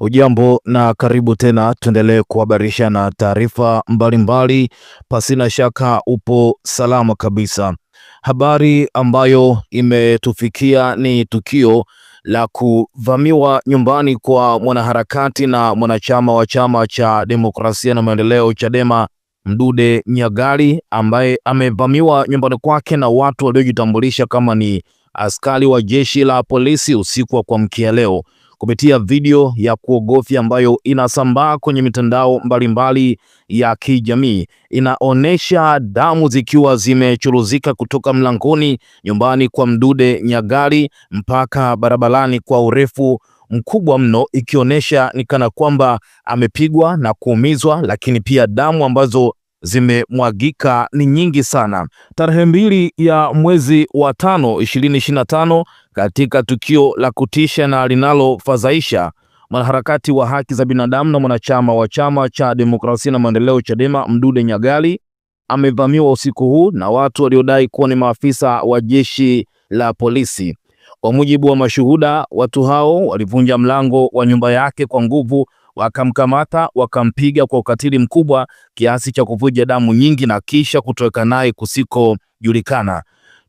Ujambo na karibu tena, tuendelee kuhabarisha na taarifa mbalimbali. Pasina shaka upo salama kabisa. Habari ambayo imetufikia ni tukio la kuvamiwa nyumbani kwa mwanaharakati na mwanachama wa chama cha demokrasia na maendeleo Chadema Mdude Nyagali ambaye amevamiwa nyumbani kwake na watu waliojitambulisha kama ni askari wa jeshi la polisi usiku wa kuamkia leo kupitia video ya kuogofya ambayo inasambaa kwenye mitandao mbalimbali ya kijamii. Inaonesha damu zikiwa zimechuruzika kutoka mlangoni nyumbani kwa Mdude Nyagali mpaka barabarani kwa urefu mkubwa mno ikionyesha ni kana kwamba amepigwa na kuumizwa, lakini pia damu ambazo zimemwagika ni nyingi sana. Tarehe mbili ya mwezi wa tano 2025 katika tukio la kutisha na linalofadhaisha, mwanaharakati wa haki za binadamu na mwanachama wa chama cha demokrasia na maendeleo Chadema, Mdude Nyagali amevamiwa usiku huu na watu waliodai kuwa ni maafisa wa jeshi la polisi. Kwa mujibu wa mashuhuda, watu hao walivunja mlango wa nyumba yake kwa nguvu, wakamkamata, wakampiga kwa ukatili mkubwa kiasi cha kuvuja damu nyingi na kisha kutoweka naye kusikojulikana.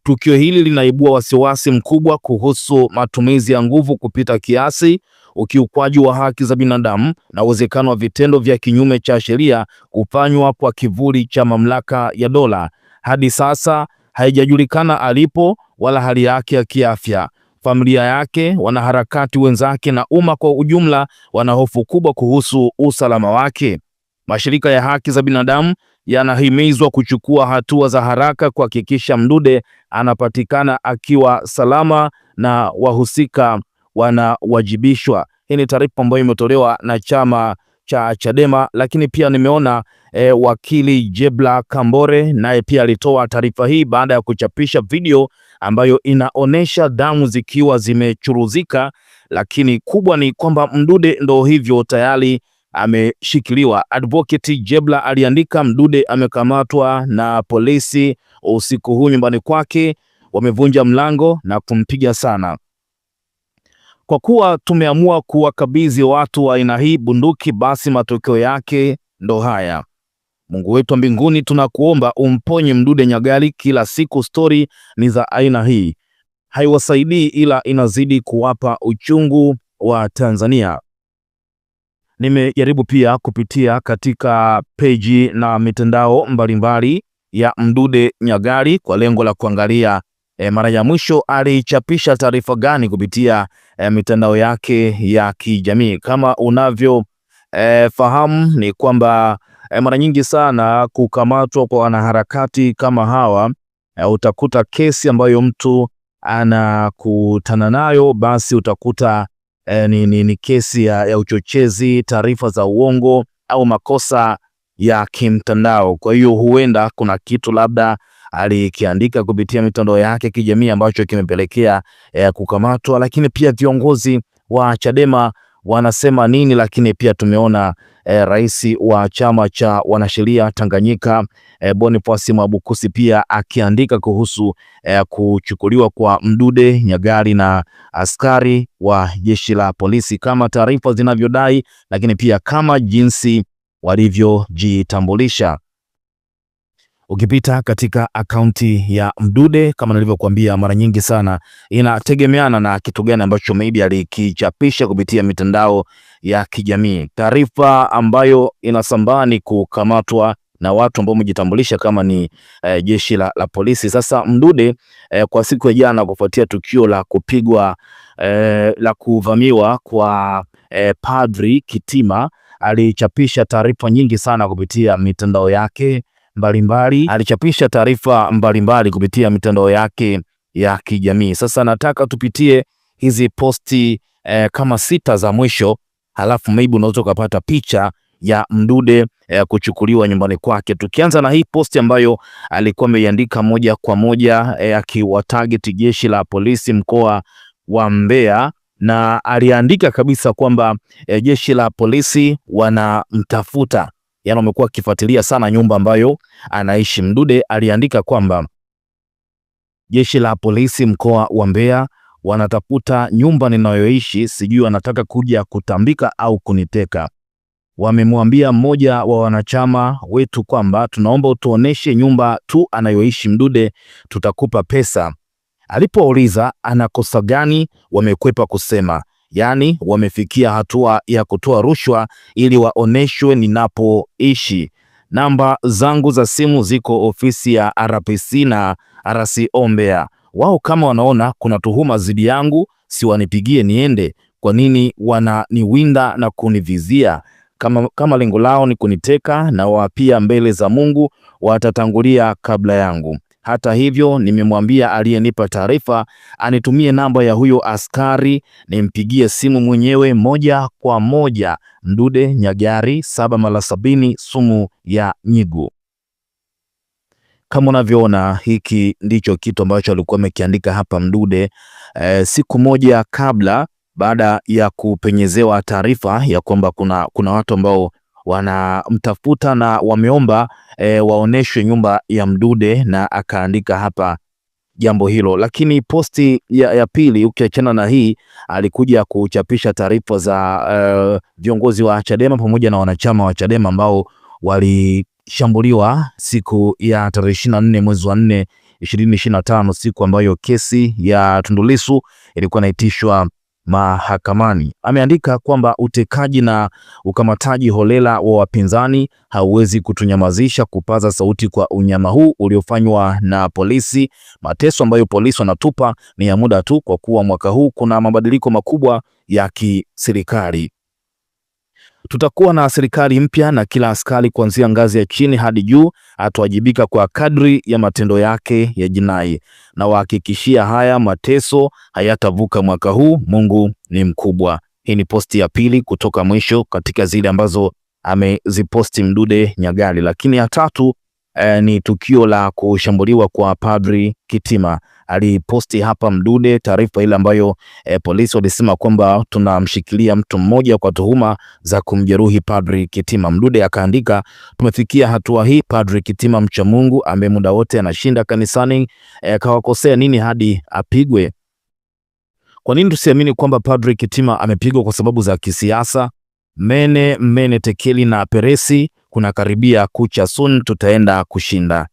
Tukio hili linaibua wasiwasi mkubwa kuhusu matumizi ya nguvu kupita kiasi, ukiukwaji wa haki za binadamu na uwezekano wa vitendo vya kinyume cha sheria kufanywa kwa kivuli cha mamlaka ya dola. Hadi sasa haijajulikana alipo wala hali yake ya kiafya. Familia yake, wanaharakati wenzake na umma kwa ujumla wana hofu kubwa kuhusu usalama wake. Mashirika ya haki za binadamu yanahimizwa kuchukua hatua za haraka kuhakikisha Mdude anapatikana akiwa salama na wahusika wanawajibishwa. Hii ni taarifa ambayo imetolewa na chama cha Chadema, lakini pia nimeona e, wakili Jebla Kambore naye pia alitoa taarifa hii baada ya kuchapisha video ambayo inaonesha damu zikiwa zimechuruzika, lakini kubwa ni kwamba Mdude ndo hivyo tayari ameshikiliwa. Advocate Jebla aliandika, Mdude amekamatwa na polisi usiku huu nyumbani kwake, wamevunja mlango na kumpiga sana. Kwa kuwa tumeamua kuwakabidhi watu wa aina hii bunduki, basi matokeo yake ndo haya. Mungu wetu wa mbinguni, tunakuomba umponye Mdude Nyagali. Kila siku stori ni za aina hii, haiwasaidii ila inazidi kuwapa uchungu wa Tanzania. Nimejaribu pia kupitia katika peji na mitandao mbalimbali ya Mdude Nyagali kwa lengo la kuangalia e, mara ya mwisho alichapisha taarifa gani kupitia e, mitandao yake ya kijamii. Kama unavyofahamu eh, e, ni kwamba e, mara nyingi sana kukamatwa kwa wanaharakati kama hawa e, utakuta kesi ambayo mtu anakutana nayo, basi utakuta eh, ni, ni, ni kesi ya, ya uchochezi, taarifa za uongo au makosa ya kimtandao. Kwa hiyo huenda kuna kitu labda alikiandika kupitia mitandao yake kijamii ambacho kimepelekea eh, kukamatwa, lakini pia viongozi wa Chadema wanasema nini, lakini pia tumeona e, rais wa chama cha wanasheria Tanganyika e, Boniface Mwabukusi pia akiandika kuhusu e, kuchukuliwa kwa Mdude Nyagali na askari wa jeshi la polisi kama taarifa zinavyodai, lakini pia kama jinsi walivyojitambulisha. Ukipita katika akaunti ya Mdude kama nilivyokuambia mara nyingi sana, inategemeana na kitu gani ambacho maybe alikichapisha kupitia mitandao ya kijamii. Taarifa ambayo inasambaa ni kukamatwa na watu ambao wamejitambulisha kama ni e, jeshi la, la polisi. Sasa Mdude e, kwa siku ya jana kufuatia tukio la kupigwa e, la kuvamiwa kwa e, Padri Kitima alichapisha taarifa nyingi sana kupitia mitandao yake mbalimbali, alichapisha taarifa mbalimbali kupitia mitandao yake ya kijamii. Sasa nataka tupitie hizi posti eh, kama sita za mwisho, halafu maybe unaweza ukapata picha ya Mdude eh, kuchukuliwa nyumbani kwake. Tukianza na hii posti ambayo alikuwa ameiandika moja kwa moja eh, target jeshi la polisi mkoa wa Mbeya na aliandika kabisa kwamba eh, jeshi la polisi wanamtafuta yani amekuwa akifuatilia sana nyumba ambayo anaishi. Mdude aliandika kwamba jeshi la polisi mkoa wa Mbeya wanatafuta nyumba ninayoishi, sijui wanataka kuja kutambika au kuniteka. Wamemwambia mmoja wa wanachama wetu kwamba tunaomba utuoneshe nyumba tu anayoishi Mdude, tutakupa pesa. Alipouliza anakosa gani, wamekwepa kusema yaani wamefikia hatua ya kutoa rushwa ili waoneshwe ninapoishi. Namba zangu za simu ziko ofisi ya RPC na RCO Ombea. Wao kama wanaona kuna tuhuma dhidi yangu, si wanipigie niende? Kwa nini wananiwinda na kunivizia? Kama, kama lengo lao ni kuniteka, na wapia mbele za Mungu watatangulia kabla yangu. Hata hivyo, nimemwambia aliyenipa taarifa anitumie namba ya huyo askari nimpigie simu mwenyewe moja kwa moja. Ndude Nyagari saba mara sabini sumu ya nyigu. Kama unavyoona hiki ndicho kitu ambacho alikuwa amekiandika hapa Mdude e, eh, siku moja kabla baada ya kupenyezewa taarifa ya kwamba kuna, kuna watu ambao wanamtafuta na wameomba e, waoneshwe nyumba ya Mdude na akaandika hapa jambo hilo. Lakini posti ya, ya pili ukiachana na hii, alikuja kuchapisha taarifa za eh, viongozi wa Chadema pamoja na wanachama wa Chadema ambao walishambuliwa siku ya tarehe 24 mwezi wa 4 2025, siku ambayo kesi ya Tundu Lissu ilikuwa inaitishwa mahakamani. Ameandika kwamba utekaji na ukamataji holela wa wapinzani hauwezi kutunyamazisha kupaza sauti kwa unyama huu uliofanywa na polisi. Mateso ambayo polisi wanatupa ni ya muda tu, kwa kuwa mwaka huu kuna mabadiliko makubwa ya kiserikali. Tutakuwa na serikali mpya na kila askari kuanzia ngazi ya chini hadi juu atawajibika kwa kadri ya matendo yake ya jinai. Na wahakikishia haya mateso hayatavuka mwaka huu. Mungu ni mkubwa. Hii ni posti ya pili kutoka mwisho katika zile ambazo ameziposti Mdude Nyagali. Lakini ya tatu eh, ni tukio la kushambuliwa kwa Padri Kitima aliposti hapa Mdude taarifa ile ambayo e, polisi walisema kwamba tunamshikilia mtu mmoja kwa tuhuma za kumjeruhi Padri Kitima. Mdude akaandika, tumefikia hatua hii. Padri Kitima mcha Mungu ambaye muda wote anashinda kanisani e, kawakosea nini hadi apigwe? Kwa nini tusiamini kwamba Padri Kitima amepigwa kwa sababu za kisiasa? Mene Mene Tekeli na Peresi kuna karibia kucha, soon tutaenda kushinda.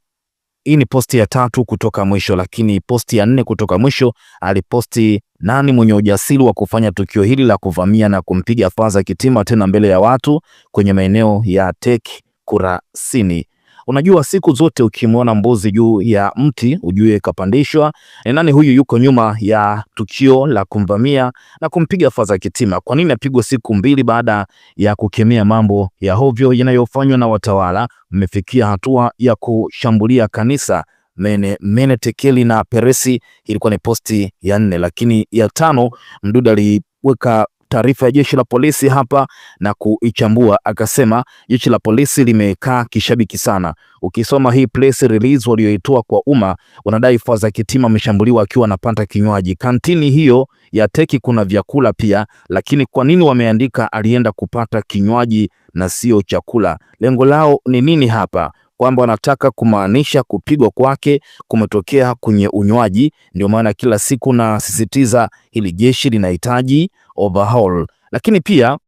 Hii ni posti ya tatu kutoka mwisho, lakini posti ya nne kutoka mwisho aliposti nani mwenye ujasiri wa kufanya tukio hili la kuvamia na kumpiga Faza Kitima tena mbele ya watu kwenye maeneo ya Tek Kurasini. Unajua siku zote ukimwona mbuzi juu ya mti ujue kapandishwa. Ni nani huyu yuko nyuma ya tukio la kumvamia na kumpiga Faza Kitima? Kwa nini apigwa siku mbili baada ya kukemea mambo ya hovyo yanayofanywa na watawala? Mmefikia hatua ya kushambulia kanisa Mene, Mene Tekeli na Peresi. Ilikuwa ni posti ya nne, lakini ya tano Mdude aliweka taarifa ya jeshi la polisi hapa na kuichambua, akasema jeshi la polisi limekaa kishabiki sana. Ukisoma hii press release walioitoa kwa umma, wanadai Faza Kitima ameshambuliwa akiwa anapata kinywaji kantini hiyo ya Teki. Kuna vyakula pia, lakini kwa nini wameandika alienda kupata kinywaji na sio chakula? Lengo lao ni nini hapa? kwamba wanataka kumaanisha kupigwa kwake kumetokea kwenye unywaji. Ndio maana kila siku nasisitiza hili jeshi linahitaji overhaul. Lakini pia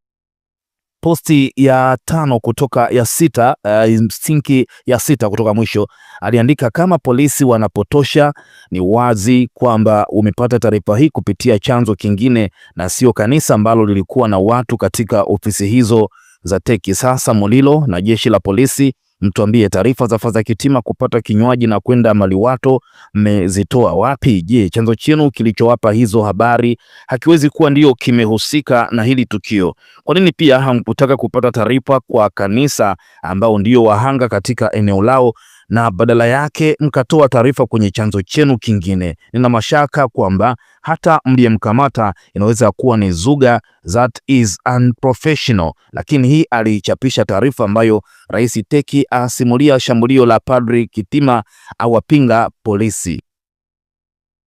posti ya tano kutoka ya sita, uh, eh, msingi ya sita kutoka mwisho aliandika, kama polisi wanapotosha ni wazi kwamba umepata taarifa hii kupitia chanzo kingine na sio kanisa ambalo lilikuwa na watu katika ofisi hizo za teki. Sasa Mulilo na jeshi la polisi Mtuambie taarifa za faza Kitima kupata kinywaji na kwenda Maliwato mmezitoa wapi? Je, chanzo chenu kilichowapa hizo habari hakiwezi kuwa ndiyo kimehusika na hili tukio? Kwa nini pia hamkutaka kupata taarifa kwa kanisa ambao ndio wahanga katika eneo lao na badala yake mkatoa taarifa kwenye chanzo chenu kingine. Nina mashaka kwamba hata mliyemkamata inaweza kuwa ni Zuga, that is unprofessional. Lakini hii alichapisha taarifa ambayo Rais Teki asimulia shambulio la Padri Kitima, awapinga polisi.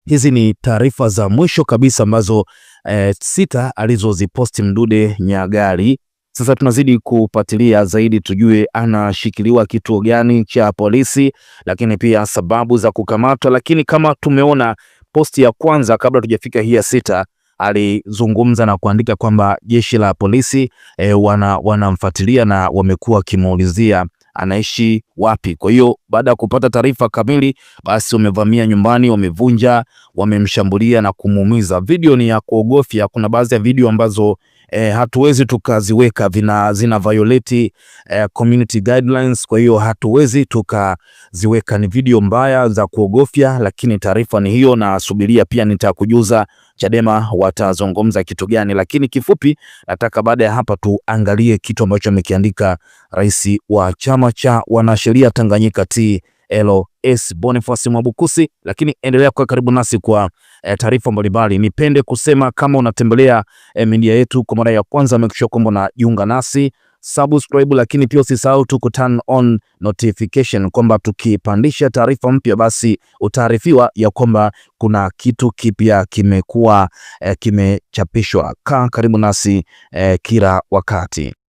Hizi ni taarifa za mwisho kabisa ambazo eh, sita alizoziposti Mdude Nyagali sasa tunazidi kupatilia zaidi tujue anashikiliwa kituo gani cha polisi, lakini pia sababu za kukamatwa. Lakini kama tumeona posti ya kwanza kabla tujafika hii ya sita, alizungumza na kuandika kwamba jeshi la polisi e, wana wanamfuatilia na wamekuwa wakimuulizia anaishi wapi. Kwa hiyo baada ya kupata taarifa kamili, basi wamevamia nyumbani, wamevunja, wamemshambulia na kumuumiza. Video ni ya kuogofya. Kuna baadhi ya video ambazo eh, hatuwezi tukaziweka vina, zina violate eh, community guidelines. Kwa hiyo hatuwezi tukaziweka, ni video mbaya za kuogofya, lakini taarifa ni hiyo, na subiria pia nitakujuza Chadema watazungumza kitu gani, lakini kifupi, nataka baada ya hapa tuangalie kitu ambacho amekiandika rais wa chama cha wanasheria Tanganyika T LS Boniface Mwabukusi, lakini endelea kwa karibu nasi kwa e, taarifa mbalimbali. Nipende kusema kama unatembelea e, media yetu kwa mara ya kwanza, make sure kwamba unajiunga nasi subscribe, lakini pia usisahau tu turn on notification kwamba tukipandisha taarifa mpya, basi utaarifiwa ya kwamba kuna kitu kipya kimekuwa e, kimechapishwa. Kaa karibu nasi e, kila wakati.